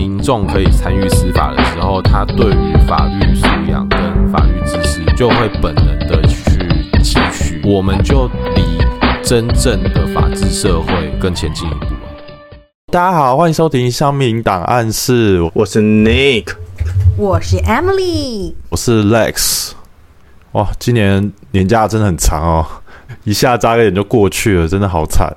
民眾可以參與司法的時候，他對於法律素養跟法律知識就會本能的去汲取，我們就比真正的法治社會更前進一步。大家好，歡迎收聽《鄉民檔案室》，我是 Nick，我是 Emily，我是 Lex。哇，今年年假真的很長哦，一下眨個眼就過去了，真的好慘。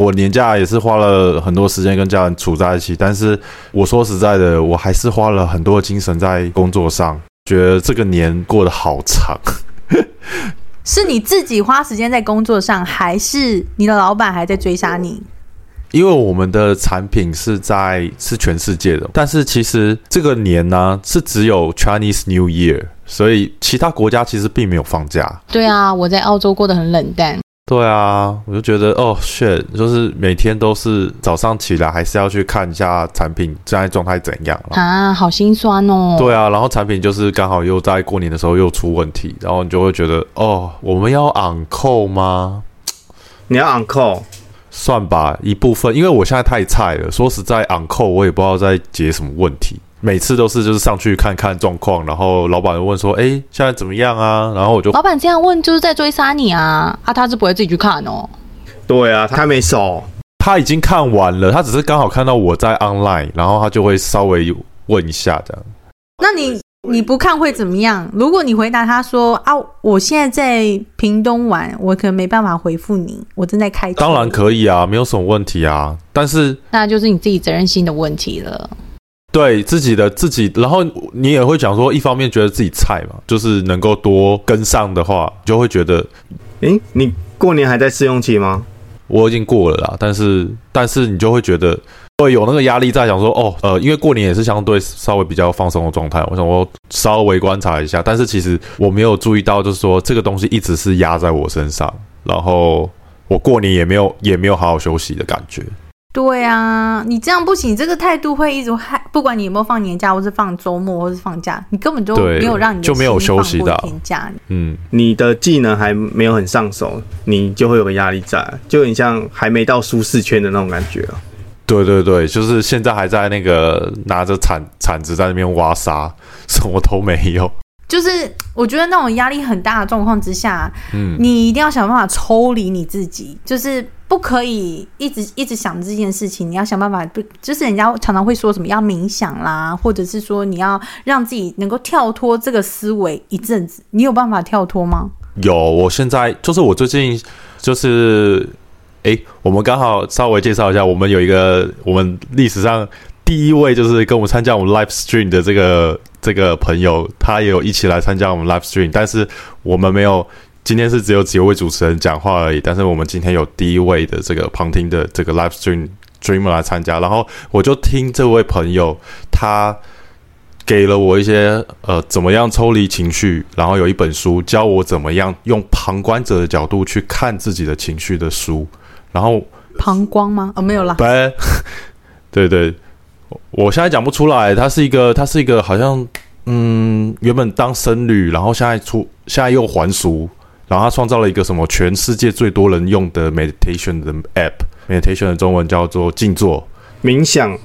我年假也是花了很多時間跟家人處在一起，但是我說實在的，我還是花了很多精神在工作上，覺得這個年過得好長。 是你自己花時間在工作上，還是你的老闆還在追殺你？因為我們的產品是在是全世界的，但是其實這個年呢、啊，是只有 Chinese New Year，所以其他國家其實並沒有放假。對啊，我在澳洲過得很冷淡。對啊，我就覺得哦，shit，就是每天都是早上起來還是要去看一下產品現在狀態怎樣了啊，好心酸哦。對啊，然後產品就是剛好又在過年的時候又出問題，然後你就會覺得哦，我們要 on call 嗎？你要 on call？算吧，一部分，因為我現在太菜了，說實在 on call 我也不知道在解什麼問題。每次都是就是上去看看狀況，然後老闆問說：“欸，現在怎麼樣啊？”然後我就，老闆這樣問就是在追殺你啊！啊，他是不會自己去看哦。對啊，他，他還沒掃，他已經看完了，他只是剛好看到我在 online，然後他就會稍微問一下的。那你你不看會怎麼樣？如果你回答他說：“啊，我現在在屏東玩，我可能沒辦法回復你，我正在開。”當然可以啊，沒有什麼問題啊。但是那就是你自己責任心的問題了。對自己的自己，然後你也會講說，一方面覺得自己菜嘛，就是能夠多跟上的話，就會覺得，誒，你過年還在試用期嗎？我已經過了啦，但是但是你就會覺得，會有那個壓力在，想說哦，呃，因為過年也是相對稍微比較放鬆的狀態，我想我稍微觀察一下，但是其實我沒有注意到，就是說這個東西一直是壓在我身上，然後我過年也沒有也沒有好好休息的感覺。對啊，你這樣不行，這個態度會一直害，不管你有沒有放年假，或是放周末，或是放假，你根本就沒有讓你就沒有休息的年假。嗯，你的技能還沒有很上手，你就會有個壓力在，就很像還沒到舒適圈的那種感覺啊。對對對，就是現在還在那個拿着鏟鏟子在那邊挖沙，什麼都沒有。就是我覺得那種壓力很大的狀況之下，嗯，你一定要想辦法抽離你自己，就是。不可以一直一直想這件事情，你要想辦法不，就是人家常常會說什麼要冥想啦，或者是說你要讓自己能夠跳脫這個思維一陣子。你有辦法跳脫嗎？有，我現在就是我最近就是，誒，我們剛好稍微介紹一下，我們有一個我們歷史上第一位就是跟我們參加我們 live stream 的這個這個朋友，他也有一起來參加我們 live stream，但是我們沒有。今天是只有幾位主持人講話而已，但是我們今天有第一位的這個旁聽的這個 Live Stream Dreamer 來參加，然後我就聽這位朋友他給了我一些呃怎麼樣抽離情緒，然後有一本書教我怎麼樣用旁觀者的角度去看自己的情緒的書，然後旁觀嗎？哦，沒有啦。掰 對，對對，我現在講不出來。他是一個，他是一個，好像嗯，原本當僧侶，然後現在出，現在又還俗。然後他創造了一個什麼全世界最多人用的，med 的 app, meditation 的 app、meditation 的中文叫做靜坐、冥想，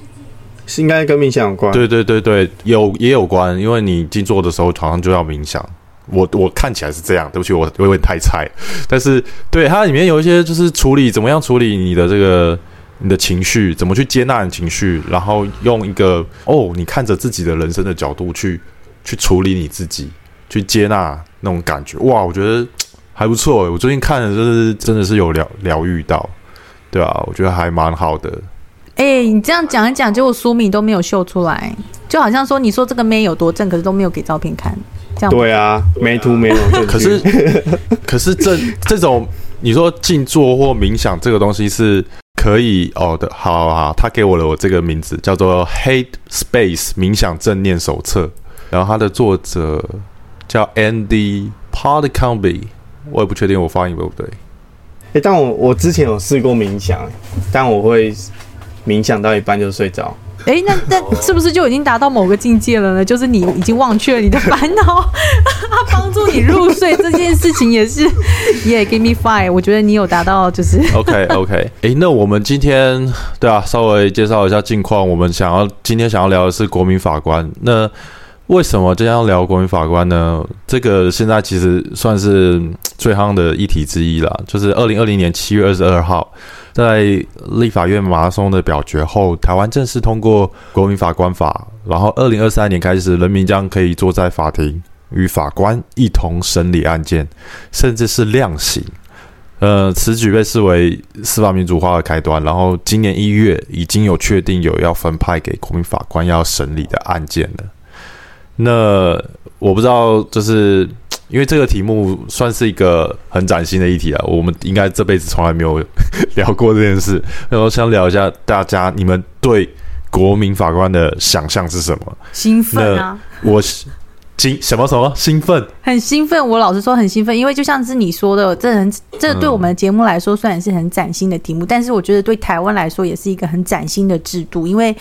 是應該跟冥想有關。對對對對，有也有關，因為你靜坐的時候，常常就要冥想。我我看起來是這樣，對不起，我有點太菜。但是，對它裡面有一些就是處理怎麼樣處理你的這個你的情緒，怎麼去接納你的情緒，然後用一個哦，你看着自己的人生的角度去去處理你自己，去接納那種感覺。哇，我覺得。還不錯、欸，我最近看的就是真的是有療療癒到，對吧、啊？我覺得還蠻好的。哎、欸，你這樣講一講，結果書名都沒有秀出來，就好像說你說這個妹有多正，可是都沒有給照片看。這樣，對啊，對啊，沒圖沒字。可是 可是這這種，你說靜坐或冥想這個東西是可以哦的。好啊好，他給我了我這個名字叫做《Hate Space 冥想正念手冊》，然後他的作者叫 Andy Puddicombe 我也不確定我發音對不對？哎、欸，但我我之前有試過冥想，但我會冥想到一半就睡着。哎、欸，那那 是不是就已經達到某個境界了呢？就是你已經忘卻了你的煩惱，他幫 助你入睡這件事情也是耶、yeah, give me five。我覺得你有達到就是 OK OK、欸。哎，那我們今天對啊，稍微介紹一下近況。我們想要今天想要聊的是國民法官那。為什麼這樣聊國民法官呢？這個現在其實算是最夯的議題之一了。就是二零二零年七月二十二號，在立法院馬拉松的表決後，台灣正式通過《國民法官法》，然後二零二三年開始，人民將可以坐在法庭與法官一同審理案件，甚至是量刑。呃，此舉被視為司法民主化的開端。然後今年一月已經有確定有要分派給國民法官要審理的案件了。那我不知道，就是因為這個題目算是一個很嶄新的議題啊，我們應該這輩子從來沒有 聊過這件事。我想聊一下，大家你們對國民法官的想象是什麼？興奮啊！我興什麼什麼興奮？很興奮！我老實說很興奮，因為就像是你說的，這很這對我們的節目來說雖然是很嶄新的題目，嗯、但是我覺得對台灣來說也是一個很嶄新的制度，因為。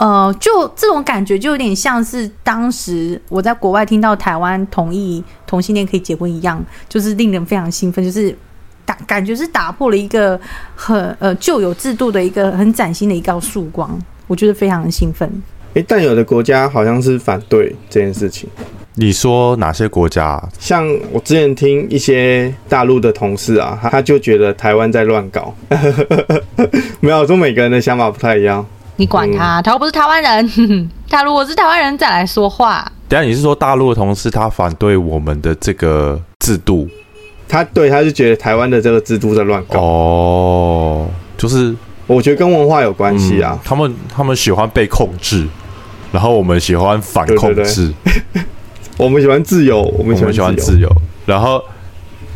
呃，就這種感覺，就有點像是當時我在國外聽到台灣同意同性戀可以結婚一樣，就是令人非常興奮，就是打感覺是打破了一個很呃舊有制度的一個很嶄新的一道曙光，我覺得非常的興奮。誒、欸，但有的國家好像是反對這件事情，你說哪些國家、啊？像我之前聽一些大陸的同事啊，他就覺得台灣在亂搞， 沒有，說每個人的想法不太一樣。你管他，他又不是台灣人。他如果是台灣人，再來說話。等下你是說大陸的同事他反對我們的這個制度？他對，他是覺得台灣的這個制度在亂搞。哦，就是我覺得跟文化有關係啊、嗯。他們他們喜歡被控制，然後我們喜歡反控制。對對對 我們喜歡自由，我們我們喜歡自由。自由然後。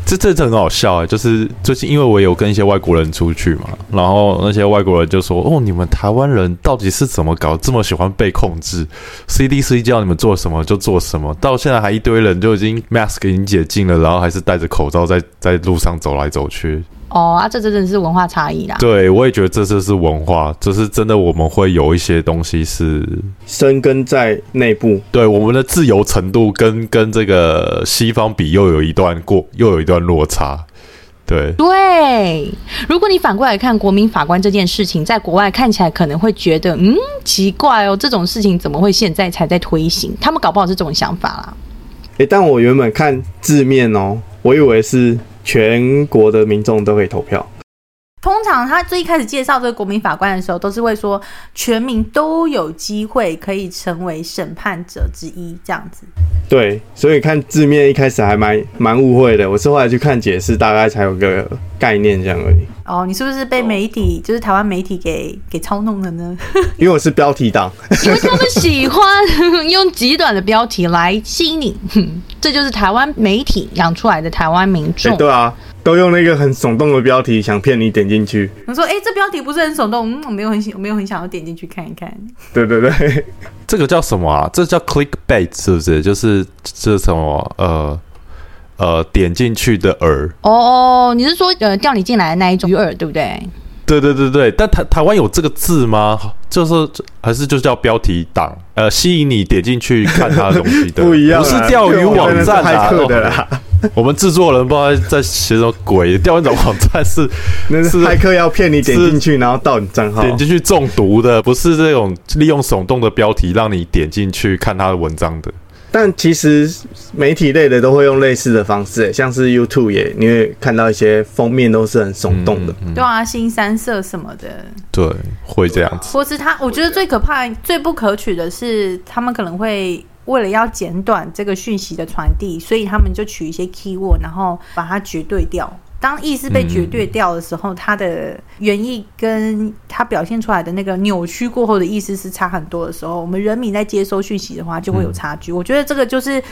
這這真的很好笑欸，就是最近因為我有跟一些外國人出去嘛，然後那些外國人就說：“哦，你們台灣人到底是怎麼搞這麼喜歡被控制？CDC 叫你們做什麼就做什麼，到現在還一堆人就已經 mask 已經解禁了，然後還是戴着口罩在在路上走來走去。”哦啊，這，這真的是文化差異啦！對，我也覺得這就是文化，這、就是真的，我們會有一些東西是生根在內部。對，我們的自由程度跟跟這個西方比，又有一段過，又有一段落差。對對，如果你反過來看國民法官這件事情，在國外看起來可能會覺得，嗯，奇怪哦，這種事情怎麼會現在才在推行？他們搞不好是這種想法啦。誒、欸，但我原本看字面哦，我以為是。全國的民眾都會投票。通常他最一開始介紹這個國民法官的時候，都是會說全民都有機會可以成為審判者之一，這樣子。對，所以看字面一開始還蠻蠻誤會的，我是後來去看解釋，大概才有個概念這樣而已。哦，你是不是被媒體，哦、就是台灣媒體給給操弄了呢？ 因為我是標題黨， 因為他們喜歡用極短的標題來吸引你， 這就是台灣媒體養出來的台灣民眾。欸，對啊。都用那個很聳動的標題，想騙你點進去。我說，誒、欸，這標題不是很聳動，嗯，我沒有很想，我沒有很想要點進去看一看。對對對，這個叫什麼啊？這個、叫 click bait，是不是？就是這、就是、什麼，呃呃，點進去的餌。哦哦，你是說，呃，叫你進來的那一種魚餌，對不對？對對對對，但台台灣有這個字嗎？就是還是就叫標題黨，呃，吸引你點進去看他的東西，的。 不一樣，不是釣魚網站、啊、駭客的啦。哦、 我們制作人不知道在寫什麼鬼，釣魚的網站是，是那是駭客要騙你點進去，是然後盜你賬號，點進去中毒的，不是這種利用聳動的標題讓你點進去看他的文章的。但其實媒體類的都會用類似的方式、欸，像是 YouTube 也，你會看到一些封面都是很聳動的。嗯嗯、對啊，腥羶色什麼的，對，會這樣子。啊、或是他，我覺得最可怕、對最不可取的是，他們可能會為了要簡短這個訊息的傳遞，所以他們就取一些 key word，然後把它絕對掉。當意思被絕對掉的時候，嗯、他的原意跟他表現出來的那個扭曲過後的意思是差很多的時候，我們人民在接收訊息的話就會有差距。嗯、我覺得這個就是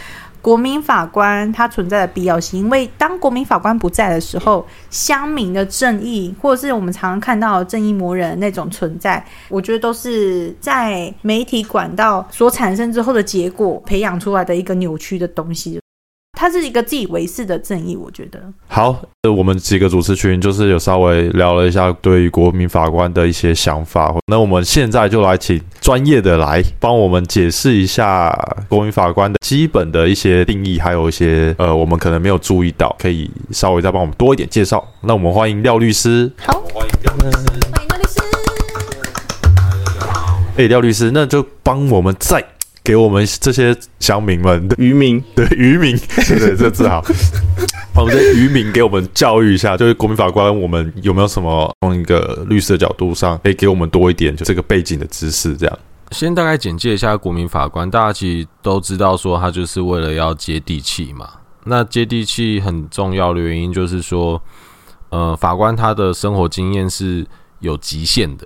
國民法官他存在的必要性，因為當國民法官不在的時候，鄉民的正義或者是我們常常看到正義魔人的那種存在，我覺得都是在媒體管道所產生之後的結果，培養出來的一個扭曲的東西。它是一個自以為是的正義，我覺得。好，呃，我們幾個主持群就是有稍微聊了一下對於國民法官的一些想法，那我們現在就來請專業的來幫我們解釋一下國民法官的基本的一些定義，還有一些呃我們可能沒有注意到，可以稍微再幫我們多一點介紹。那我們歡迎廖律師。好，歡迎廖律師。歡迎廖律師。哎，廖律師，那就幫我們再。給我們這些鄉民們的漁民，的漁民，對不對，對，對？這字好我們、 啊、這漁民給我們教育一下，就是國民法官，我們有沒有什麼從一個律師的角度上，可以給我們多一點就這個背景的知識？這樣，先大概簡介一下國民法官，大家其實都知道，說他就是為了要接地氣嘛。那接地氣很重要的原因就是說，呃，法官他的生活經驗是有極限的。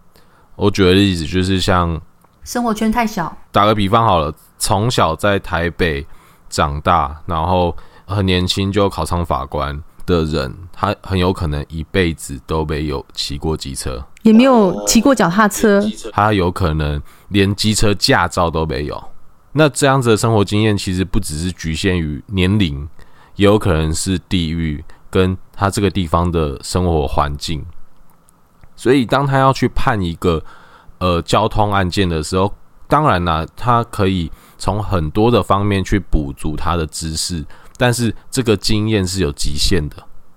我舉個例子，就是像。生活圈太小。打個比方好了，從小在台北長大，然後很年輕就考上法官的人，他很有可能一輩子都沒有騎過機車，也沒有騎過腳踏車，哦，連機車，他有可能連機車駕照都沒有。那這樣子的生活經驗，其實不只是局限於年齡，也有可能是地域跟他這個地方的生活環境。所以，當他要去判一個。呃，交通案件的時候，當然啦，他可以從很多的方面去補足他的知識，但是這個經驗是有極限的，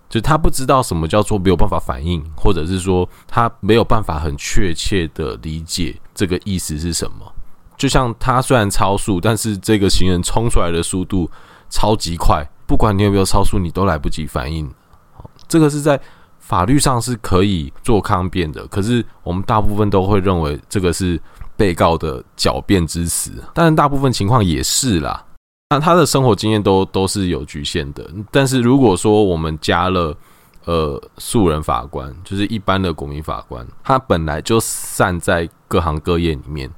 就他不知道什麼叫做沒有辦法反應，或者是說他沒有辦法很確切的理解這個意思是什麼。就像他雖然超速，但是這個行人衝出來的速度超級快，不管你有沒有超速，你都來不及反應。這個是在。法律上是可以做抗辯的，可是我們大部分都會認為這個是被告的狡辯之詞。但是大部分情況也是啦。那他的生活經驗都都是有局限的。但是如果說我們加了呃素人法官，就是一般的國民法官，他本來就散在各行各業裡面，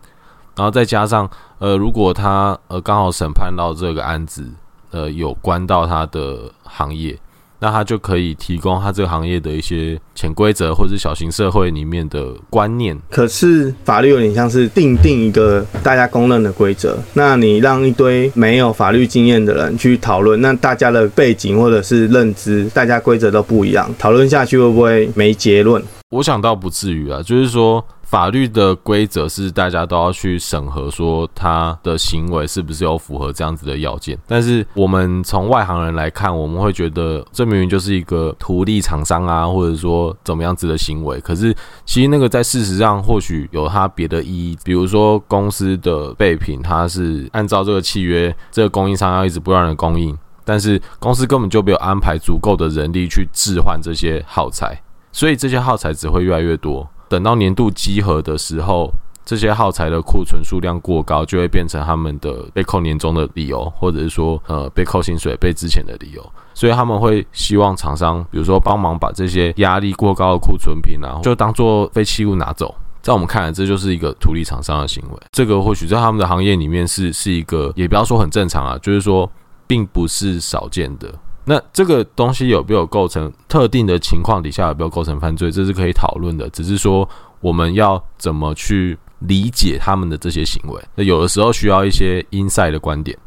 然後再加上呃，如果他呃剛好審判到這個案子，呃有關到他的行業。那他就可以提供他這個行業的一些潛規則，或者是小型社會裡面的觀念。可是法律有點像是定定一個大家公認的規則，那你讓一堆沒有法律經驗的人去討論，那大家的背景或者是認知，大家規則都不一樣，討論下去會不會沒結論？我想倒不至於啊，就是說。法律的規則是大家都要去審核，說他的行為是不是有符合這樣子的要件。但是我們從外行人來看，我們會覺得這明明就是一個圖利廠商啊，或者說怎麼樣子的行為。可是其實那個在事實上或許有他別的意義，比如說公司的備品，他是按照這個契約，這個供應商要一直不斷的供應，但是公司根本就沒有安排足夠的人力去置換這些耗材，所以這些耗材只會越來越多。等到年度稽核的時候，這些耗材的庫存數量過高，就會變成他們的被扣年終的理由，或者是說，呃，被扣薪水、被資遣的理由。所以他們會希望廠商，比如說幫忙把這些壓力過高的庫存品，啊，然後就當做廢棄物拿走。在我們看來，這就是一個圖利廠商的行為。這個或許在他們的行業裡面是是一個，也不要說很正常啊，就是說並不是少見的。那這個東西有沒有構成特定的情況底下有沒有構成犯罪，這是可以討論的。只是說我們要怎麼去理解他們的這些行為，那有的時候需要一些 inside 的觀點。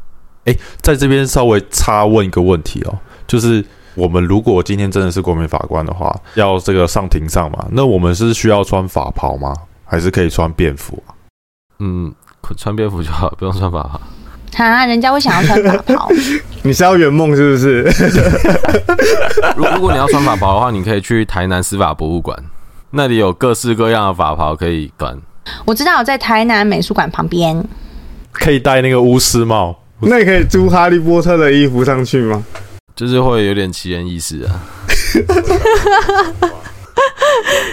哎，在這邊稍微插問一個問題哦,就是我們如果今天真的是國民法官的話，要這個上庭上嘛,那我們是需要穿法袍嗎？還是可以穿便服啊？嗯,穿便服就好,不用穿法袍。哈、啊，人家會想要穿法袍， 你是要圓夢是不是？如 果 如果你要穿法袍的話，你可以去台南司法博物館，那裡有各式各樣的法袍可以穿。我知道我在台南美術館旁邊，可以戴那個巫師帽，師帽那你可以租哈利波特的衣服上去嗎？ 就是會有點奇人異事啊。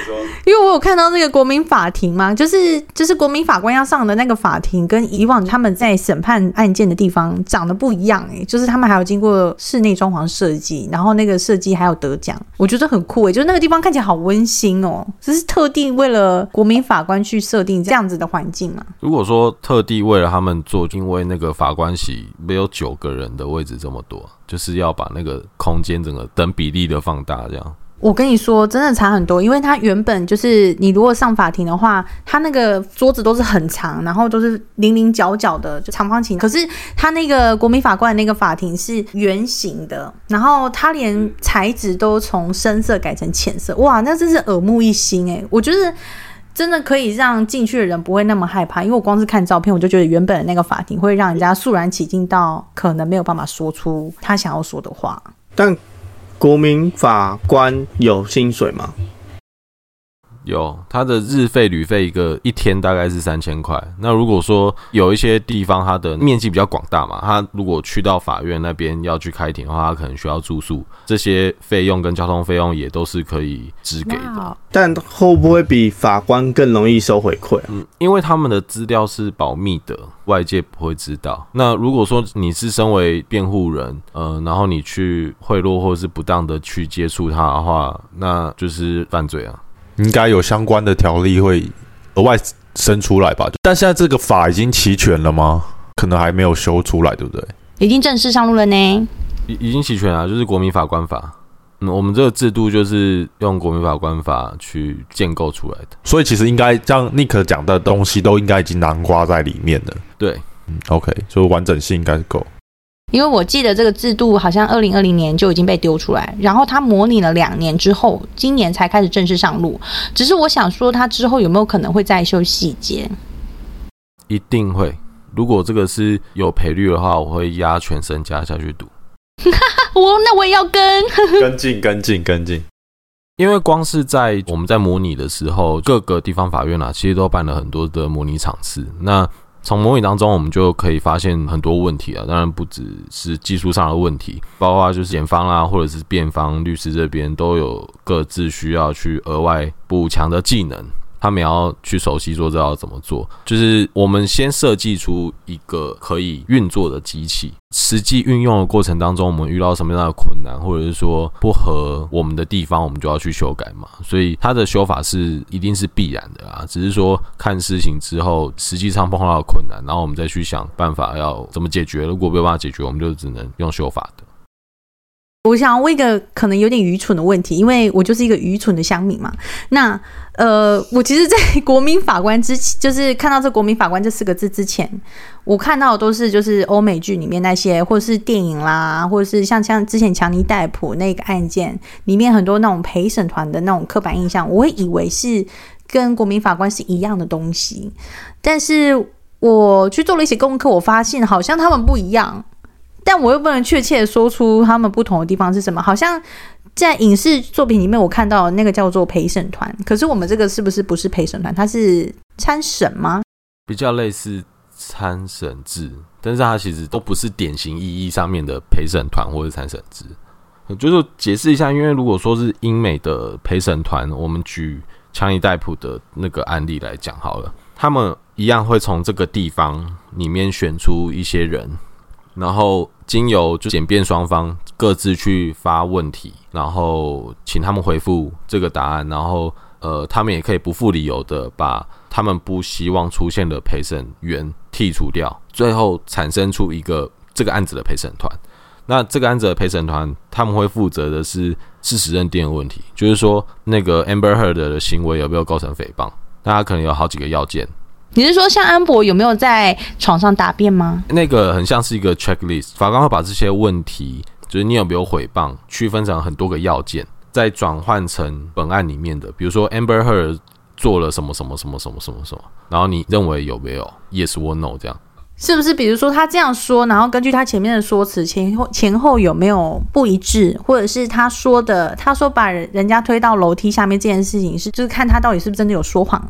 因為我有看到那個國民法庭嘛，就是就是國民法官要上的那個法庭，跟以往他們在審判案件的地方長得不一樣哎，就是他們還有經過室內裝潢設計，然後那個設計還有得獎，我覺得很酷哎，就是那個地方看起來好溫馨哦、喔，這是特地為了國民法官去設定這樣子的環境嘛，、啊？如果說特地為了他們做，因為那個法官席沒有九個人的位置這麼多，就是要把那個空間整個等比例的放大這樣。我跟你說，真的差很多，因為他原本就是你如果上法庭的話，他那個桌子都是很長，然後都是零零角角的，就長方形。可是他那個國民法官的那個法庭是圓形的，然後他連材質都從深色改成淺色，哇，那真是耳目一新誒、欸。我覺得真的可以讓進去的人不會那麼害怕，因為我光是看照片，我就覺得原本的那個法庭會讓人家肅然起敬到可能沒有辦法說出他想要說的話，但。國民法官有薪水嗎？有他的日費、旅費，一個一天大概是三千塊。那如果說有一些地方，他的面積比較廣大嘛，他如果去到法院那邊要去開庭的話，他可能需要住宿，這些費用跟交通費用也都是可以支給的。但會不會比法官更容易收回饋、啊、嗯，因為他們的資料是保密的，外界不會知道。那如果說你是身為辯護人，嗯、呃，然後你去賄賂或是不當的去接觸他的話，那就是犯罪啊。應該有相關的條例會額外生出來吧？但現在這個法已經齊全了嗎？可能還沒有修出來，對不對？已經正式上路了呢。啊，已已經齊全啊，就是《國民法官法》嗯。我們這個制度就是用《國民法官法》去建構出來的，所以其實應該像尼克講的東西都應該已經囊括在裡面了。對，嗯，OK，就完整性應該是夠。因為我記得這個制度好像二零二零年就已經被丟出來，然後他模擬了兩年之後，今年才開始正式上路。只是我想說，他之後有沒有可能會再修細節？一定會。如果這個是有賠率的話，我會壓全身家下去賭。哈哈、 哦，我那我也要跟跟進跟進跟進，跟進跟進因為光是在我們在模擬的時候，各個地方法院啊，其實都辦了很多的模擬場次。那從模擬當中，我們就可以發現很多問題啊，當然，不只是技術上的問題，包括就是檢方啊，或者是辯方律師這邊，都有各自需要去額外補強的技能。他們要去熟悉說這要怎麼做，就是我們先設計出一個可以運作的機器。實際運用的過程當中，我們遇到什麼樣的困難，或者是說不合我們的地方，我們就要去修改嘛。所以它的修法是一定是必然的啊，只是說看事情之後，實際上碰到的困難，然後我們再去想辦法要怎麼解決。如果沒有辦法解決，我們就只能用修法的。我想要問一個可能有點愚蠢的問題，因為我就是一個愚蠢的鄉民嘛。那呃，我其實，在國民法官之前，就是看到這“國民法官”這四個字之前，我看到的都是就是歐美劇裡面那些，或是電影啦，或者是像像之前強尼戴普那個案件裡面很多那種陪審團的那種刻板印象，我會以為是跟國民法官是一樣的東西。但是我去做了一些功課，我發現好像他們不一樣。但我又不能確切的說出他們不同的地方是什麼。好像在影視作品裡面，我看到那個叫做陪審團，可是我們這個是不是不是陪審團？它是參審嗎？比較類似參審制，但是它其實都不是典型意義上面的陪審團或者參審制。嗯，就是解釋一下，因為如果說是英美的陪審團，我們舉強尼戴普的那個案例來講好了，他們一樣會從這個地方裡面選出一些人，然後經由就檢辯雙方各自去發問題，然後請他們回覆這個答案，然後呃，他們也可以不負理由的把他們不希望出現的陪審員剔除掉，最後產生出一個這個案子的陪審團。那這個案子的陪審團他們會負責的是事實認定的問題，就是說那個 Amber Heard 的行為有沒有構成誹謗，大家可能有好幾個要件。你是說像安博有沒有在床上大便嗎？那個很像是一個 checklist，法官會把這些問題，就是你有沒有誹謗，區分成很多個要件，再轉換成本案裡面的，比如說 Amber Heard 做了什麼什麼什麼什麼什麼什麼，然後你認為有沒有 Yes or No 這樣？是不是？比如說他這樣說，然後根據他前面的說辭，前後前後有沒有不一致，或者是他說的他說把人人家推到樓梯下面這件事情是就是看他到底是不是真的有說謊？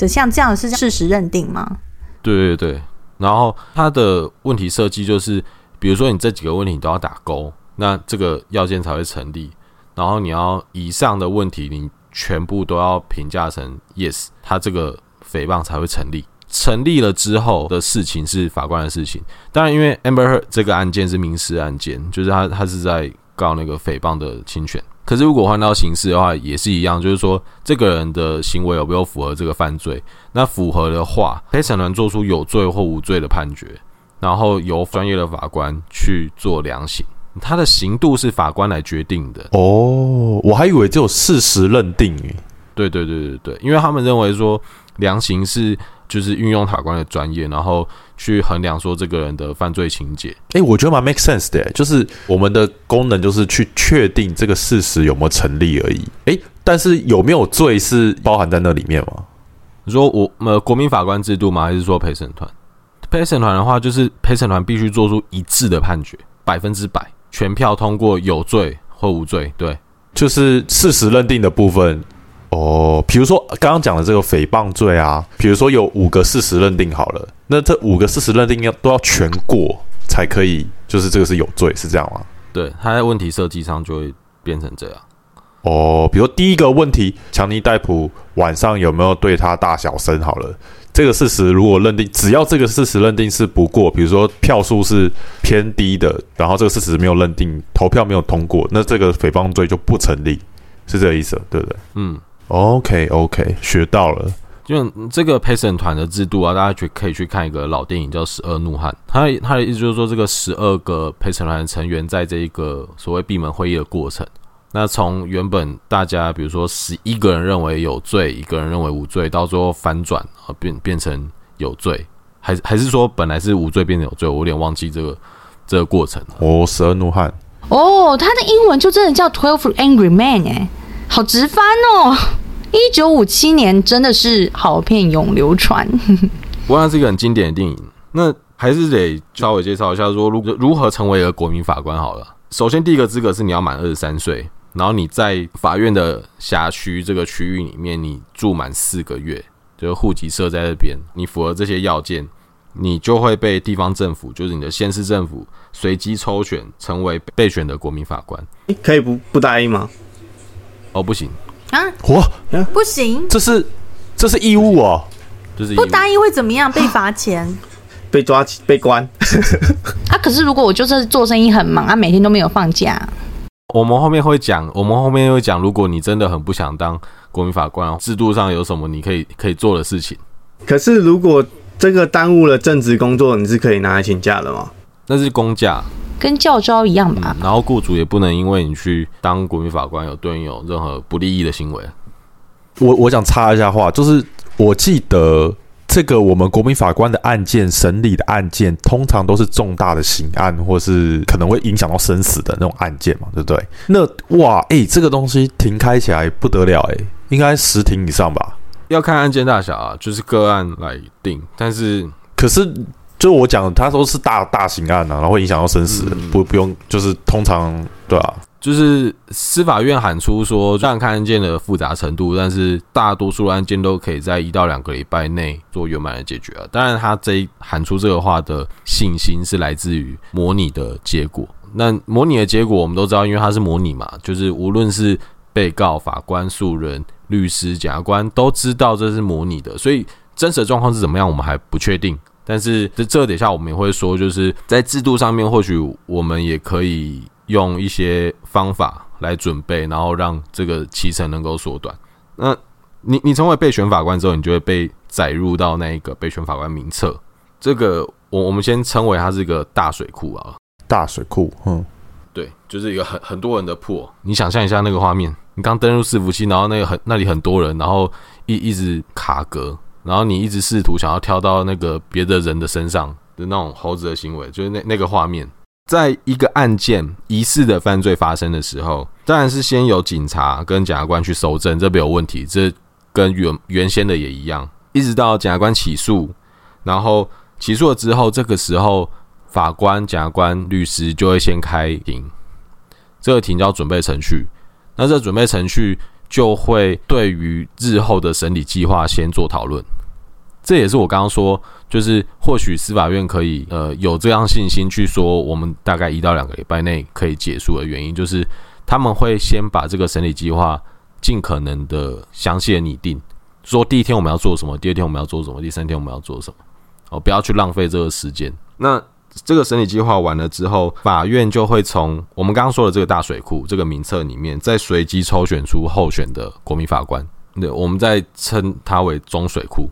就像這樣是事實認定嗎？對對對，然後他的問題設計就是，比如說你這幾個問題你都要打勾，那這個要件才會成立。然後你要以上的問題你全部都要評價成 yes，他這個誹謗才會成立。成立了之後的事情是法官的事情。當然，因為 Amber Heard 這個案件是民事案件，就是他他是在告那個誹謗的侵權。可是，如果換到刑事的話，也是一樣，就是說，這個人的行為有沒有符合這個犯罪？那符合的話，陪審團做出有罪或無罪的判決，然後由專業的法官去做量刑，他的刑度是法官來決定的。哦，我還以為只有事實認定。對對對對對，對，因為他們認為說。量刑是就是運用法官的專業，然後去衡量說這個人的犯罪情節。誒、欸，我覺得蠻 make sense 的，就是我們的功能就是去確定這個事實有沒有成立而已。誒、欸，但是有沒有罪是包含在那裡面嗎？你說我呃國民法官制度嗎？還是說陪審團？陪審團的話，就是陪審團必須做出一致的判決，百分之百全票通過有罪或無罪。對，就是事實認定的部分。哦，比如說剛剛講的這個誹謗罪啊，比如說有五個事實認定好了，那這五個事實認定要都要全過才可以，就是這個是有罪，是這樣嗎？對，他在問題設計上就會變成這樣。哦，比如說第一個問題，強尼戴普晚上有沒有對他大小聲好了？這個事實如果認定，只要這個事實認定是不過，比如說票數是偏低的，然後這個事實沒有認定，投票沒有通過，那這個誹謗罪就不成立，是這個意思，對不對？嗯。OK OK，學到了。就這個陪審團的制度啊，大家去可以去看一個老電影叫《十二怒漢》。他他的意思就是說，這個十二個陪審團成員在這一個所謂閉門會議的過程，那從原本大家比如說十一個人認為有罪，一個人認為無罪，到最後反轉啊變變成有罪，還是還是說本來是無罪變成有罪，我有點忘記這個這個過程。哦，《十二怒漢》哦，它的英文就真的叫《Twelve Angry Men》哎。好直翻哦！一九五七年真的是好片，永流傳。不過那是一個很經典的電影。那還是得稍微介紹一下，說如如何成為一個國民法官好了。首先，第一個資格是你要滿二十三歲，然後你在法院的轄區這個區域裡面，你住滿四個月，就是戶籍設在這邊，你符合這些要件，你就會被地方政府，就是你的縣市政府隨機抽選成為備選的國民法官。可以不不答應嗎？哦，不行啊！嚯，不行，這是、啊、這是，這是義務哦，就是不答應會怎麼樣？被罰錢？被抓起？被關？ 啊！可是如果我就是做生意很忙啊，每天都沒有放假。我們後面會講，我們後面會講，如果你真的很不想當國民法官，制度上有什麼你可以可以做的事情？可是如果這個耽誤了正職工作，你是可以拿來請假的嗎？那是公假。跟教召一樣吧、嗯，然後雇主也不能因為你去當國民法官，有對你有任何不利益的行為。我我想插一下話，就是我記得這個我們國民法官的案件審理的案件，通常都是重大的刑案，或是可能會影響到生死的那種案件嘛，對不對？那哇，誒、欸，這個東西庭開起來不得了誒、欸，應該十庭以上吧？要看案件大小啊，就是個案來定。但是可是。就我講，他說是大大型案啊，然後會影響到生死，嗯、不不用，就是通常對啊，就是司法院喊出說，雖然看案件的複雜程度，但是大多數案件都可以在一到兩個禮拜內做圓滿的解決啊。當然，他這一喊出這個話的信心是來自於模擬的結果。那模擬的結果我們都知道，因為它是模擬嘛，就是無論是被告、法官、素人、律師、檢察官都知道這是模擬的，所以真實狀況是怎麼樣，我們還不確定。但是在這底下，我們也會說，就是在制度上面，或許我們也可以用一些方法來準備，然後讓這個期程能夠縮短那。那，你你成為備選法官之後，你就會被載入到那個備選法官名冊。這個我我們先稱為它是一個大水庫啊，大水庫，嗯，對，就是一個很很多人的 pool。你想象一下那個畫面，你剛登入伺服器，然後那個很那裡很多人，然後一一直卡格。然後你一直試圖想要跳到那個別的人的身上的那種猴子的行為，就是那那個畫面，在一個案件疑似的犯罪發生的時候，當然是先由警察跟檢察官去搜證，這沒有問題，這跟原原先的也一樣。一直到檢察官起訴，然後起訴了之後，這個時候法官、檢察官、律師就會先開庭，這個庭叫準備程序。那這準備程序。就會對於日後的審理計劃先做討論，這也是我剛剛說，就是或許司法院可以呃有這樣信心去說，我們大概一到兩個禮拜內可以結束的原因，就是他們會先把這個審理計劃盡可能的詳細的擬定，說第一天我們要做什麼，第二天我們要做什麼，第三天我們要做什麼，哦，不要去浪費這個時間。那。這個審理計劃完了之後，法院就會從我們剛剛說的這個大水庫這個名冊裡面，再隨機抽選出候選的國民法官。那我們再稱他為中水庫。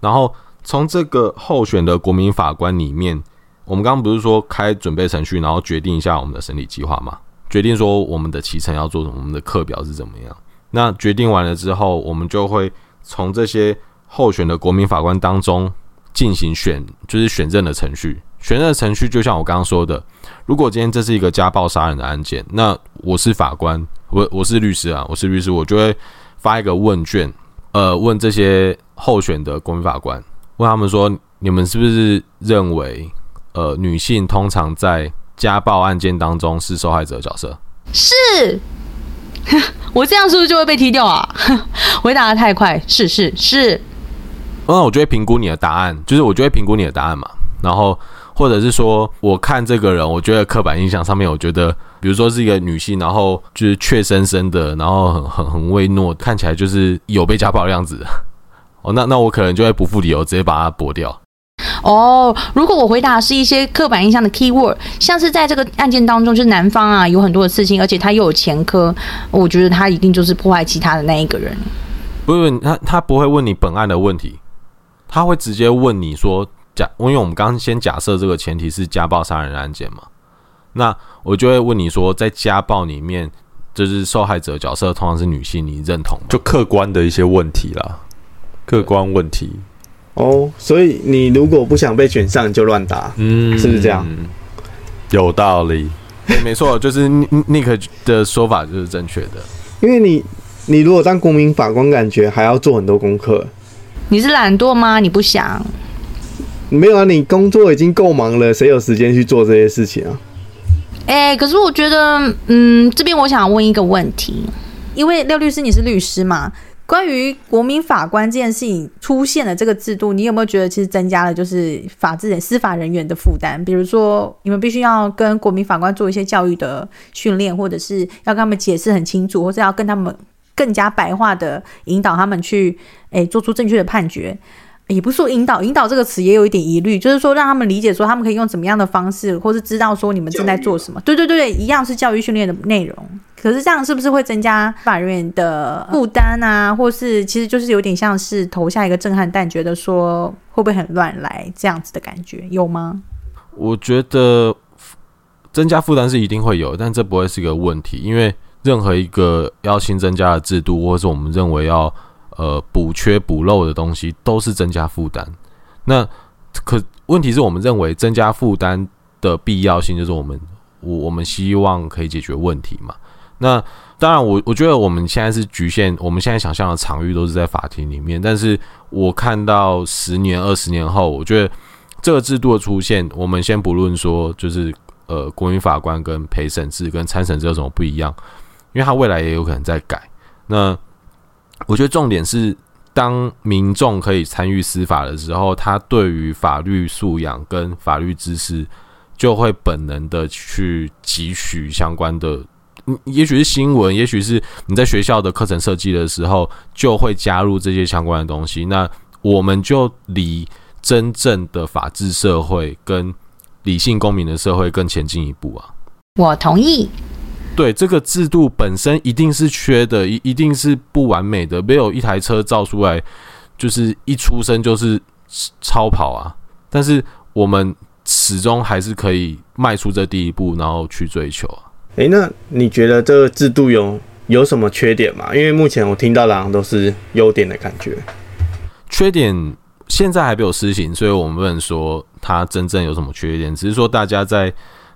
然後從這個候選的國民法官裡面，我們剛剛不是說開準備程序，然後決定一下我們的審理計劃嗎？決定說我們的行程要做什麼，我們的課表是怎麼樣？那決定完了之後，我們就會從這些候選的國民法官當中進行選，就是選任的程序。選擇程序就像我剛剛說的，如果今天這是一個家暴殺人的案件，那我是法官，我我是律師啊，我是律師，我就會發一個問卷，呃，問這些候選的國民法官，問他們說，你們是不是認為，呃，女性通常在家暴案件當中是受害者的角色？是， 我這樣是不是就會被踢掉啊？ 回答的太快，是是是，那、嗯、我就會評估你的答案，就是我就會評估你的答案嘛，然後。或者是說，我看這個人，我覺得刻板印象上面，我覺得，比如說是一個女性，然後就是怯生生的，然後很很很畏懦，看起來就是有被家暴的樣子的。哦，那那我可能就會不附理由直接把它駁掉。哦，oh, 如果我回答是一些刻板印象的 keyword，像是在這個案件當中，就是男方啊有很多的刺青，而且他又有前科，我覺得他一定就是破壞其他的那一個人。不是，他他不會問你本案的問題，他會直接問你說。假，因為我們剛先假設這個前提是家暴殺人案件嘛，那我就會問你說，在家暴裡面，就是受害者角色通常是女性，你認同嗎？就客觀的一些問題了。客觀問題。哦，所以你如果不想被選上，就亂打，嗯，是不是這樣？嗯，有道理， 對，沒錯，就是尼克的說法就是正確的，因為你，你如果當國民法官，感覺還要做很多功課，你是懶惰嗎？你不想？沒有啊，你工作已經夠忙了，誰有時間去做這些事情啊？哎、欸，可是我覺得，嗯，這邊我想問一個問題，因為廖律師你是律師嘛，關於國民法官這件事情出現了這個制度，你有沒有覺得其實增加了就是法治人、司法人員的負擔？比如說，你們必須要跟國民法官做一些教育的訓練，或者是要跟他們解釋很清楚，或者是要跟他們更加白話的引導他們去，哎、欸，做出正確的判決。也不是說引導，引導這個詞也有一點疑慮，就是說讓他們理解，說他們可以用怎麼樣的方式，或是知道說你們正在做什麼。教育。對對對，一樣是教育訓練的內容。可是這樣是不是會增加法院的負擔啊？或是其實就是有點像是投下一個震撼彈，但覺得說會不會很亂來這樣子的感覺，有嗎？我覺得增加負擔是一定會有，但這不會是一個問題，因為任何一個要新增加的制度，或是我們認為要。呃，補缺補漏的東西都是增加負擔。那可問題是我們認為增加負擔的必要性，就是我們我我們希望可以解決問題嘛。那當然我，我我覺得我們現在是局限，我們現在想象的場域都是在法庭裡面。但是我看到十年、二十年後，我覺得這個制度的出現，我們先不論說，就是呃，國民法官跟陪審制跟參審制有什麼不一樣，因為他未來也有可能再改。那我覺得重點是，當民眾可以參與司法的時候，他對於法律素養跟法律知識，就會本能的去汲取相關的，也許是新聞，也許是你在學校的課程設計的時候，就會加入這些相關的東西。那我們就離真正的法治社會跟理性公民的社會更前進一步啊！我同意。對，這個制度本身一定是缺的，一一定是不完美的。沒有一台車造出來就是一出生就是超跑啊。但是我們始終還是可以邁出這第一步，然後去追求啊。誒，那你覺得這個制度有有什麼缺點嗎？因為目前我聽到攏都是優點的感覺。缺點現在還沒有施行，所以我們不能說它真正有什麼缺點。只是說大家在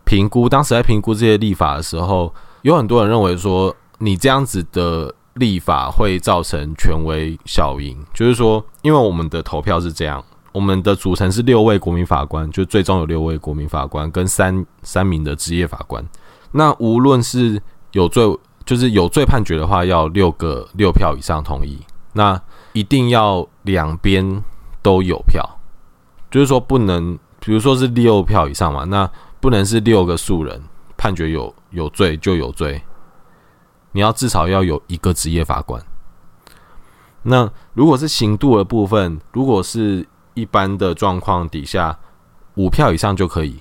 評估，當時在評估這些立法的時候。有很多人認為說，你這樣子的立法會造成權威效應，就是說，因為我們的投票是這樣，我們的組成是六位國民法官，就最終有六位國民法官跟三三名的職業法官。那無論是有罪，就是有罪判決的話，要六個六票以上同意，那一定要兩邊都有票，就是說不能，比如說是六票以上嘛，那不能是六個素人。判決有有罪就有罪，你要至少要有一個職業法官。那如果是刑度的部分，如果是一般的狀況底下，五票以上就可以。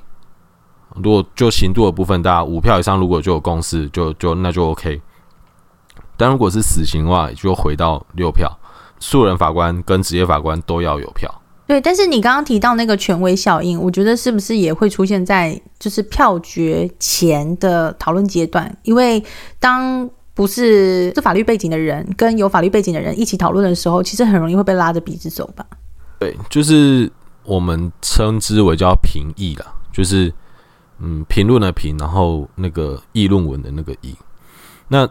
如果就刑度的部分大，大家五票以上，如果就有共識，就就那就 OK。但如果是死刑的話，就回到六票，素人法官跟職業法官都要有票。對，但是你剛剛提到那個權威效應，我覺得是不是也會出現在就是票決前的討論階段？因為當不是有法律背景的人跟有法律背景的人一起討論的時候，其實很容易會被拉着鼻子走吧？對，就是我們稱之為叫評議啦，就是嗯評論的評，然後那個議論文的那個議。那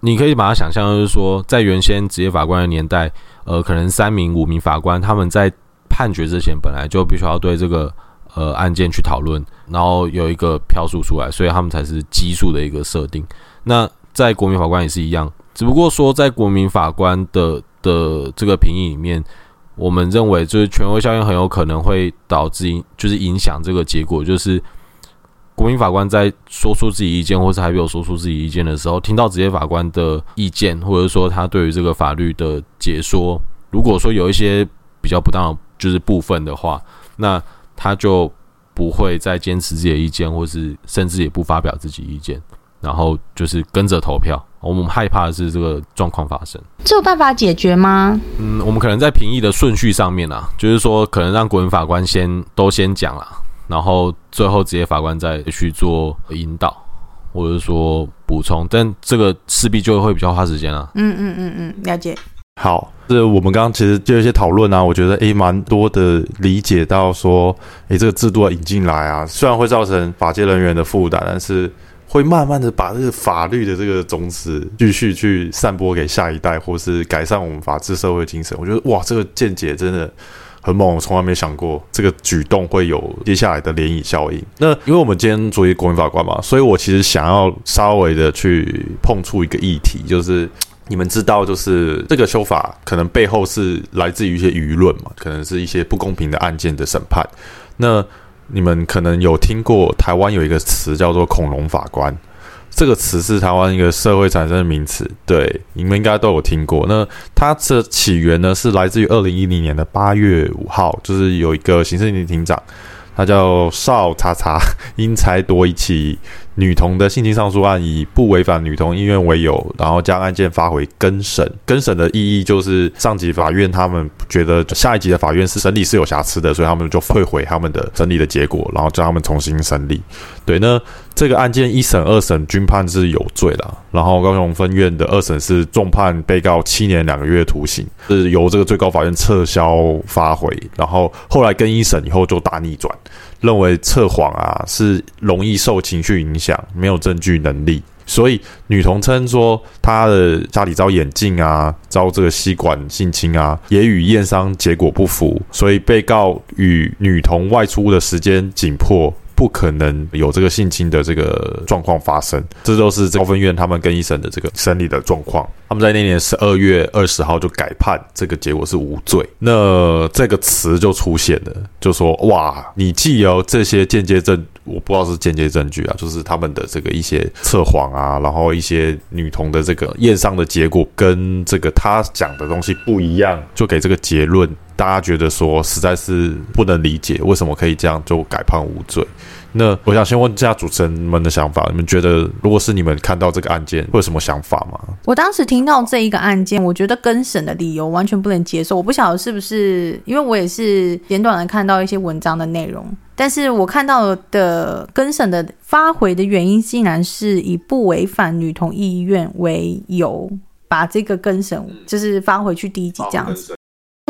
你可以把它想象就是說，在原先職業法官的年代，呃，可能三名、五名法官他們在。判決之前本來就必須要對這個呃案件，去討論，然後有一個票數出來，所以他們才是奇數的一個設定。那在國民法官也是一樣，只不過說在國民法官的的這個評議裡面，我們認為就是權威效應很有可能會導致就是影響這個結果。就是國民法官在說出自己意見，或是還沒有說出自己意見的時候，聽到職業法官的意見，或者說他對於這個法律的解說，如果說有一些比較不當。就是部分的話，那他就不會再堅持自己的意見，或是甚至也不發表自己的意見，然後就是跟着投票。我們害怕的是這個狀況發生，這有辦法解決嗎？嗯，我們可能在評議的順序上面啊，就是說可能讓國民法官先都先講啦，然後最後職業法官再去做引導或者說補充，但這個勢必就會比較花時間啊。嗯嗯嗯嗯，了解。好，這我們剛剛其實就有一些討論啊，我覺得誒蠻多的理解到說，誒這個制度要引進來啊，雖然會造成法界人員的負擔，但是會慢慢的把這個法律的這個種子繼續去散播給下一代，或是改善我們法治社會精神。我覺得哇，這個見解真的很猛，我從來沒想過這個舉動會有接下來的漣漪效應。那因為我們今天作為國民法官嘛，所以我其實想要稍微的去碰觸一個議題，就是。你們知道，就是這個修法可能背後是來自於一些輿論嘛，可能是一些不公平的案件的審判。那你們可能有聽過台灣有一個詞叫做“恐龍法官”，這個詞是台灣一個社會產生的名詞，對，你們應該都有聽過。那它的起源呢，是來自於二零一零年的八月五號，就是有一個刑事庭庭長，他叫邵叉叉，因裁多一起，女童的性侵上訴案以不違反女童意願為由，然後將案件發回更審。更審的意義就是，上級法院他們覺得下一級的法院是審理是有瑕疵的，所以他們就退回他們的審理的結果，然後將他們重新審理。對呢，那這個案件一審、二審均判是有罪的，然後高雄分院的二審是重判被告七年兩個月徒刑，是由這個最高法院撤銷發回，然後後來更一審以後就大逆轉。認為測謊啊是容易受情緒影響，沒有證據能力，所以女童稱說她的家裡遭眼鏡啊，遭這個吸管性侵啊，也與驗傷結果不符，所以被告與女童外出的時間緊迫，不可能有這個性侵的這個狀況發生，這都是這高分院他們跟一審的這個審理的狀況。他們在那年十二月二十號就改判，這個結果是無罪。那這個詞就出現了，就說哇，你既有這些間接證，我不知道是間接證據啊，就是他們的這個一些測謊啊，然後一些女童的這個驗傷的結果跟這個他講的東西不一樣，就給這個結論。大家覺得說實在是不能理解，為什麼可以這樣就改判無罪？那我想先問一下主持人們的想法，你們覺得如果是你們看到這個案件，會有什麼想法嗎？我當時聽到這一個案件，我覺得更審的理由完全不能接受。我不曉得是不是因為我也是簡短的看到一些文章的內容，但是我看到的更審的發回的原因，竟然是以不違反女童意願為由，把這個更審就是發回去第一集這樣子。嗯哦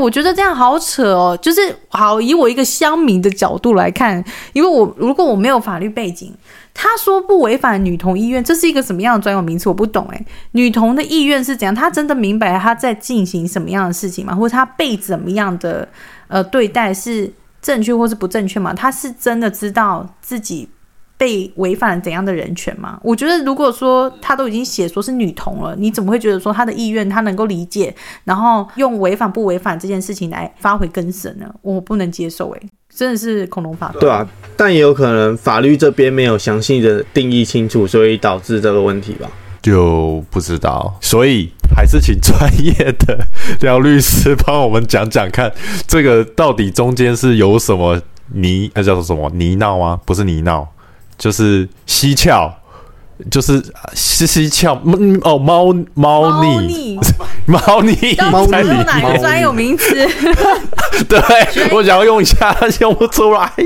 我覺得這樣好扯哦，就是好，以我一個鄉民的角度來看，因為我如果我沒有法律背景，他說不違反女童意願，這是一個什麼樣的專有名詞？我不懂誒，女童的意願是怎樣？她真的明白她在進行什麼樣的事情嗎？或者她被怎麼樣的呃對待是正確或是不正確嗎？她是真的知道自己？被違反了怎樣的人權嗎？我覺得如果說他都已經寫說是女童了，你怎麼會覺得說他的意願他能夠理解？然後用違反不違反這件事情來發回更審呢？我不能接受，誒，真的是恐龍法對啊，但也有可能法律這邊沒有詳細的定義清楚，所以導致這個問題吧，就不知道。所以還是請專業的廖律師幫我們講講看，這個到底中間是有什麼泥？那、啊、叫做什麼泥鬧嗎？不是泥鬧。就是蹊蹺，就是蹊蹊蹺，哦，貓貓膩，貓膩，貓膩，貓膩是哪個專有名詞？對我想要用一下，用不出來，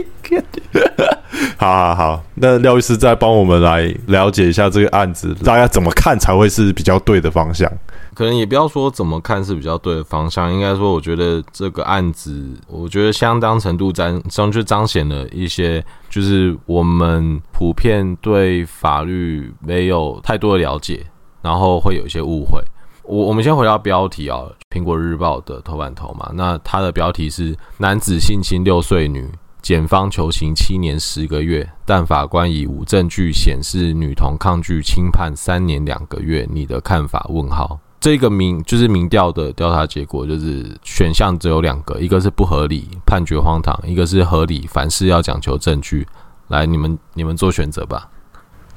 好好好，好，那廖律師再幫我們來了解一下這個案子，大家怎麼看才會是比較對的方向？可能也不要說怎麼看是比較對的方向，應該說，我覺得這個案子，我覺得相當程度彰，就彰顯了一些，就是我們普遍對法律沒有太多的了解，然後會有一些誤會。我我們先回到標題啊，《蘋果日報》的頭版頭嘛，那它的標題是：男子性侵六歲女，檢方求刑七年十個月，但法官以無證據顯示女童抗拒輕判三年兩個月。你的看法？問號。這個民就是民調的調查結果，就是選項只有兩個，一個是不合理判決荒唐，一個是合理，凡事要講求證據。來，你們你們做選擇吧，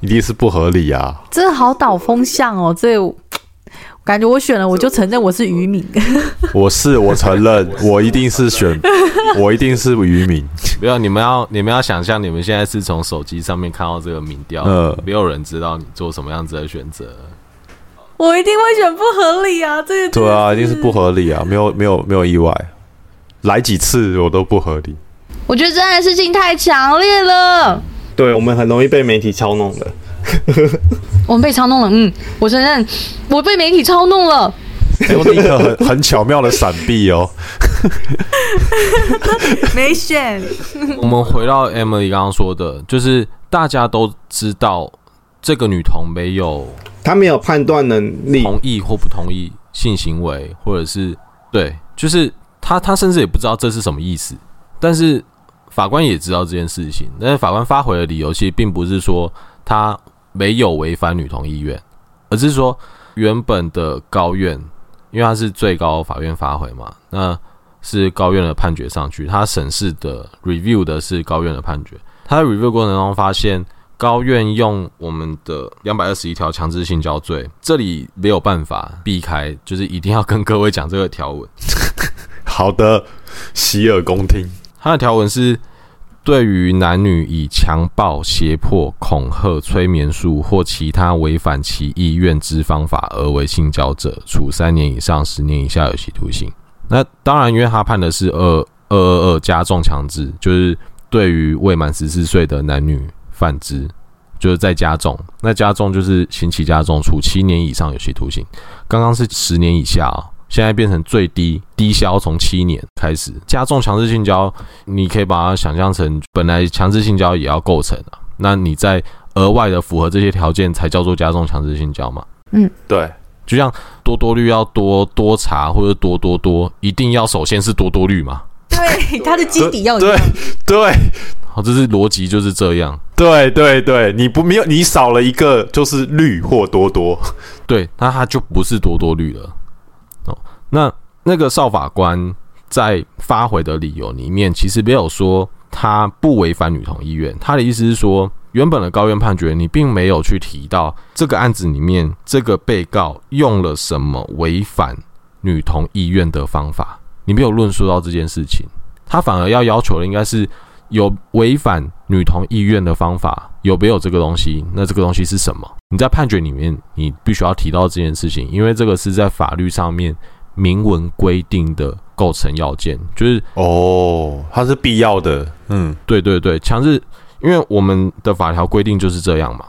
一定是不合理啊！這好導風向哦，這感覺我選了，我就承認我是愚民。 我是我承認，我一定是選， 我一定是愚民。不要你們要你們要想象，你們現在是從手機上面看到這個民調，嗯、沒有人知道你做什麼樣子的選擇。我一定會選不合理啊！這個，對啊，一定是不合理啊！沒有沒有沒有意外，來幾次我都不合理。我覺得這件事情太強烈了。對，我們很容易被媒體操弄的。 我們被操弄了，嗯，我承認我被媒體操弄了。用、欸、一個很很巧妙的閃避哦。 沒選。 我們回到 Emily 剛剛說的，就是大家都知道。這個女童沒有，她沒有判斷能力，同意或不同意性行為，或者是對，就是她，她甚至也不知道這是什麼意思。但是法官也知道這件事情，但是法官發回的理由其實並不是說她沒有違反女童意願，而是說原本的高院，因為她是最高法院發回嘛，那是高院的判決上去，他審視的 review 的是高院的判決，他在 review 過程中發現。高院用我們的兩百二十一條強制性交罪，這裡沒有辦法避開，就是一定要跟各位講這個條文。 好的，洗耳恭聽。它的條文是：對於男女以強暴、脅迫、恐嚇、催眠術或其他違反其意願之方法而為性交者，處三年以上十年以下有期徒刑。那當然，因為他判的是二二二二加重強制，就是對於未滿十四歲的男女。反之，就是再加重。那加重就是刑期加重，處七年以上有期徒刑。剛剛是十年以下哦，現在變成最低低消從七年開始加重強制性交。你可以把它想象成，本來強制性交也要構成，那你再額外的符合這些條件才叫做加重強制性交嘛。嗯，對。就像多多率要多多查或者多多多，一定要首先是多多率嘛。對，他的基底要對對，好，這是邏輯就是這樣，對對對，你不沒有你少了一個就是綠或多多，對，那他就不是多多綠了哦。那那個邵法官在發回的理由裡面，其實沒有說他不違反女童意願，他的意思是說，原本的高院判決你並沒有去提到這個案子裡面這個被告用了什麼違反女童意願的方法。你沒有論述到這件事情，他反而要要求的應該是有違反女童意願的方法有沒有這個東西？那這個東西是什麼？你在判決裡面你必須要提到這件事情，因為這個是在法律上面明文規定的構成要件，就是哦，它是必要的。嗯，對對對，強制，因為我們的法條規定就是這樣嘛。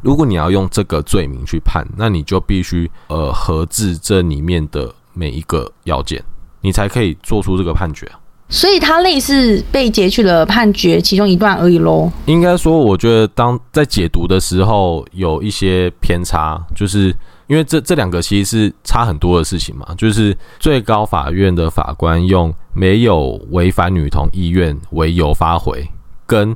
如果你要用這個罪名去判，那你就必須呃核置這裡面的每一個要件。你才可以做出這個判決，所以他類似被截取了判決其中一段而已咯。應該說，我覺得當在解讀的時候有一些偏差，就是因為這這兩個其實是差很多的事情嘛。就是最高法院的法官用沒有違反女童意願為由發回，跟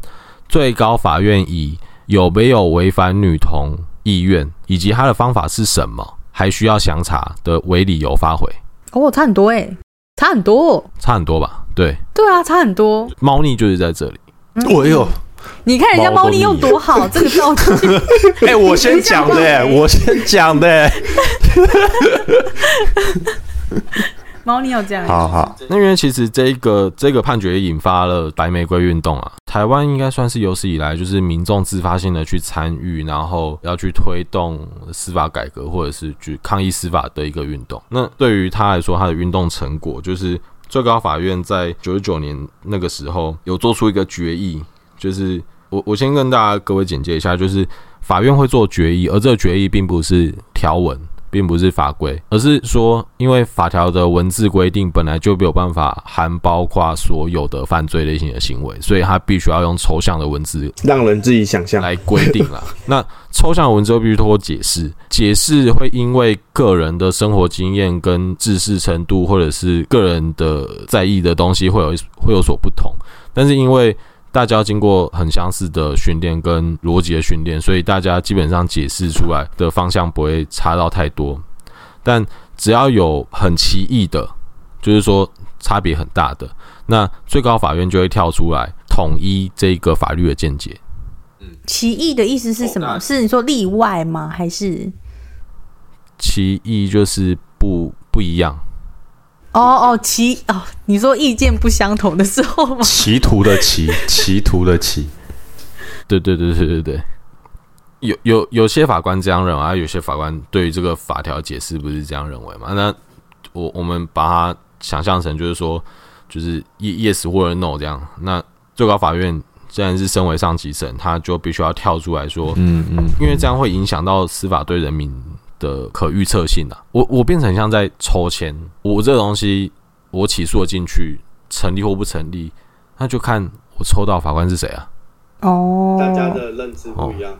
最高法院以有沒有違反女童意願以及他的方法是什麼還需要詳查的為理由發回，哦，差很多欸。差很多，差很多吧？對，對啊，差很多。貓膩就是在這裡。嗯、哎呦，你看人家貓膩用多好，這個道具。哎、 欸，我先講的、欸， 我先講的、欸。 貓你有這樣，好，好好。那因為其實這一個這個判決也引發了白玫瑰運動啊，台灣應該算是有史以來就是民眾自發性的去參與，然後要去推動司法改革或者是去抗議司法的一個運動。那對於他來說，他的運動成果就是最高法院在九十九年那個時候有做出一個決議，就是我我先跟大家各位簡介一下，就是法院會做決議，而這個決議並不是條文。並不是法規，而是說，因為法條的文字規定本來就沒有辦法含包括所有的犯罪類型的行為，所以他必須要用抽象的文字讓人自己想象來規定了。 那抽象的文字就必須通過解釋，解釋會因為個人的生活經驗、跟知識程度，或者是個人的在意的東西會有會有所不同，但是因為。大家要經過很相似的訓練跟邏輯的訓練，所以大家基本上解釋出來的方向不會差到太多。但只要有很奇異的，就是說差別很大的，那最高法院就會跳出來統一這個法律的見解。嗯，奇異的意思是什麼？是你說例外嗎？還是奇異就是不不一樣？哦哦，歧哦，你說意見不相同的時候嗎？歧途的歧，歧途的歧。 對對對對對對有，有有有些法官這樣認為，有些法官對於這個法條解釋不是這樣認為嘛？那我我們把它想象成就是說，就是 yes 或者 no 這樣。那最高法院既然是身為上級審，他就必須要跳出來說，嗯，嗯嗯，因為這樣會影響到司法對人民。的可預測性啊，我我變成像在抽籤，我這個東西我起訴進去成立或不成立，那就看我抽到法官是誰啊？哦，大家的認知不一樣。哦，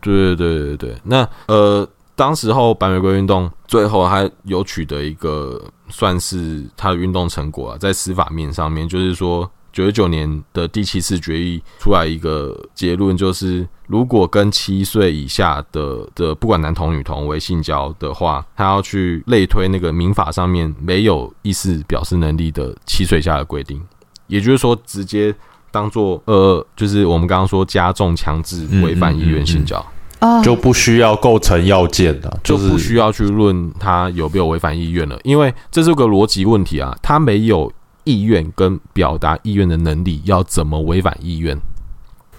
對對對對對，那呃，當時候白玫瑰運動最後它有取得一個算是它的運動成果啊，在司法面上面就是說。九九年的第七次決議出來一個結論，就是如果跟七歲以下的的，不管男童女童為性交的話，他要去類推那個民法上面沒有意思表示能力的七歲以下的規定，也就是說，直接當做呃，就是我們剛剛說加重強制違反意願性交。嗯嗯嗯嗯，就不需要構成要件了，就是、就不需要去論他有沒有違反意願了，因為這是個邏輯問題啊，他沒有。意願跟表達意願的能力要怎麼違反意願？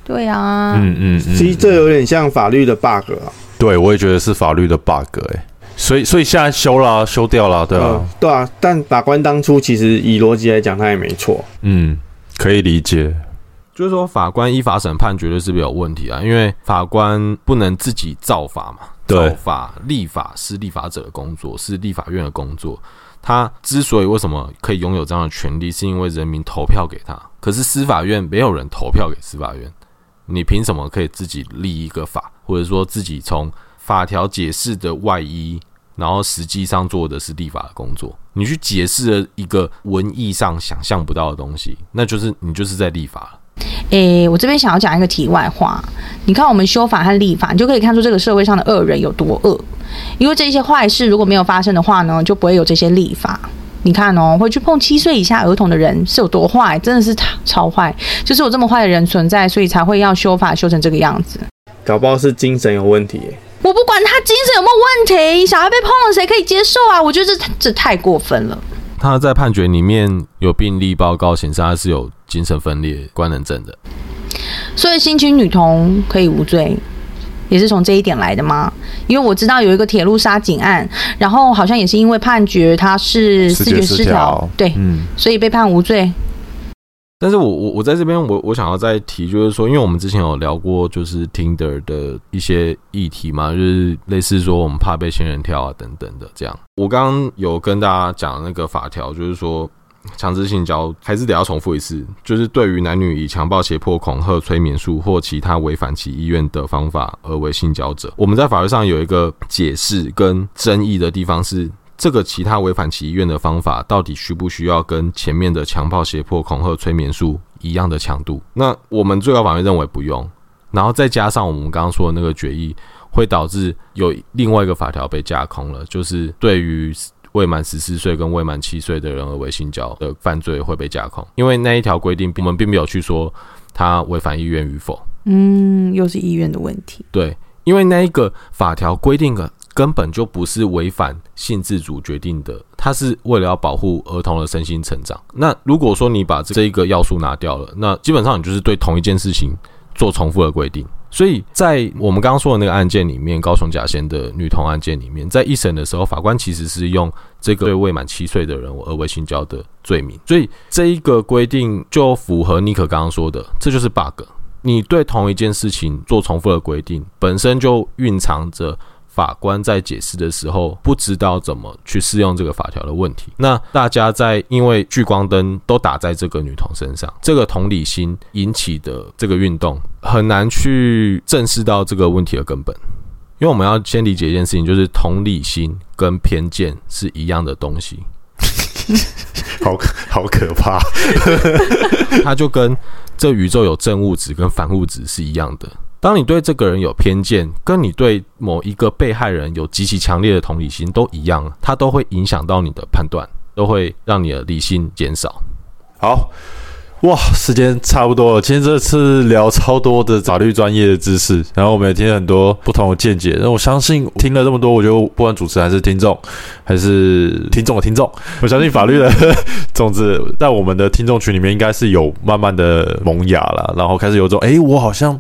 對啊，嗯嗯，嗯嗯，其實這有點像法律的 bug 啊。對，我也覺得是法律的 bug、欸、所以，所以現在修了、啊，修掉了、啊，對啊、嗯，對啊。但法官當初其實以邏輯來講，他也沒錯。嗯，可以理解。就是說法官依法審判絕對是沒有問題啊，因為法官不能自己造法嘛。對，造法、立法是立法者的工作，是立法院的工作。他之所以為什麼可以擁有這樣的權利，是因為人民投票給他。可是司法院沒有人投票給司法院，你憑什麼可以自己立一個法，或者說自己從法條解釋的外衣，然後實際上做的是立法的工作？你去解釋了一個文義上想象不到的東西，那就是你就是在立法了。誒、欸，我這邊想要講一個題外話。你看我們修法和立法，你就可以看出這個社會上的惡人有多惡。因為這些壞事如果沒有發生的話呢，就不會有這些立法。你看哦，會去碰七歲以下兒童的人是有多壞，真的是超超壞。就是有這麼壞的人存在，所以才會要修法修成這個樣子。搞不好是精神有問題欸。我不管他精神有沒有問題，小孩被碰了，誰可以接受啊？我覺得這這太過分了。他在判決裡面有病歷報告，顯示他是有精神分裂、官能症的。所以，性侵女童可以無罪，也是從這一點來的嗎？因為我知道有一個鐵路殺警案，然後好像也是因為判決他是思覺失調，跳對，嗯、所以被判無罪。但是我我我在這邊，我我想要再提，就是說，因為我們之前有聊過，就是 Tinder 的一些議題嘛，就是類似說我們怕被仙人跳啊等等的這樣。我剛剛有跟大家講那個法條，就是說強制性交，還是得要重複一次，就是對於男女以強暴、脅迫、恐嚇、催眠術或其他違反其意願的方法而為性交者，我們在法律上有一個解釋跟爭議的地方是。這個其他違反其意願的方法，到底需不需要跟前面的強暴、脅迫、恐嚇、催眠術一樣的強度？那我們最高法院認為不用。然後再加上我們剛剛說的那個決議，會導致有另外一個法條被架空了，就是對於未滿十四歲跟未滿七歲的人而為性交的犯罪會被架空，因為那一條規定，我們並沒有去說他違反意願與否。嗯，又是意願的問題。對，因為那一個法條規定的根本就不是違反性自主決定的，它是為了要保護兒童的身心成長。那如果說你把這一個要素拿掉了，那基本上你就是對同一件事情做重複的規定。所以在我們剛剛說的那個案件裡面，高雄甲仙的女童案件裡面，在一審的時候，法官其實是用這個對未滿七歲的人，我而為性交的罪名。所以這一個規定就符合尼克剛剛說的，這就是 bug。你對同一件事情做重複的規定，本身就蘊藏着。法官在解釋的時候，不知道怎麼去適用這個法條的問題。那大家在因為聚光燈都打在這個女童身上，這個同理心引起的這個運動，很難去正視到這個問題的根本。因為我們要先理解一件事情，就是同理心跟偏見是一樣的東西，好， 好可怕。 它就跟這宇宙有正物質跟反物質是一樣的。當你對這個人有偏見，跟你對某一個被害人有極其強烈的同理心，都一樣，它都會影響到你的判斷，都會讓你的理性減少。好。哇，時間差不多了。今天這次聊超多的法律專業的知識，然後我們也聽了很多不同的見解。那我相信聽了這麼多，我覺得不管主持還是聽眾，還是聽眾的聽眾，我相信法律的種子在我們的聽眾群裡面應該是有慢慢的萌芽了，然後開始有種，哎、欸，我好像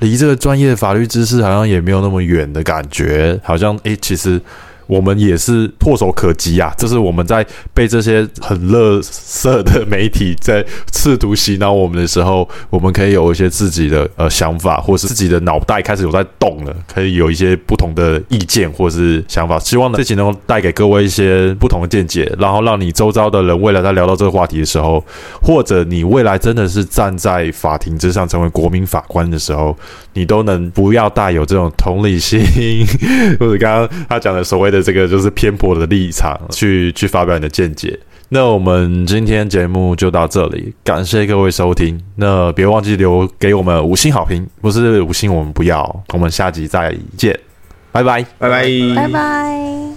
離這個專業的法律知識好像也沒有那麼遠的感覺，好像哎、欸，其實。我們也是唾手可及啊！這、就是我們在被這些很垃圾的媒體在試圖洗腦我們的時候，我們可以有一些自己的呃想法，或是自己的腦袋開始有在動了，可以有一些不同的意見或是想法。希望呢，這期能帶給各位一些不同的見解，然後讓你周遭的人未來在聊到這個話題的時候，或者你未來真的是站在法庭之上成為國民法官的時候，你都能不要帶有這種同理心，或者剛剛他講的所謂的這個就是偏頗的立場去，去去發表你的見解。那我們今天節目就到這裡，感謝各位收聽。那別忘記留給我們五星好評，不是五星我們不要。我們下集再見，拜拜，拜拜，拜拜。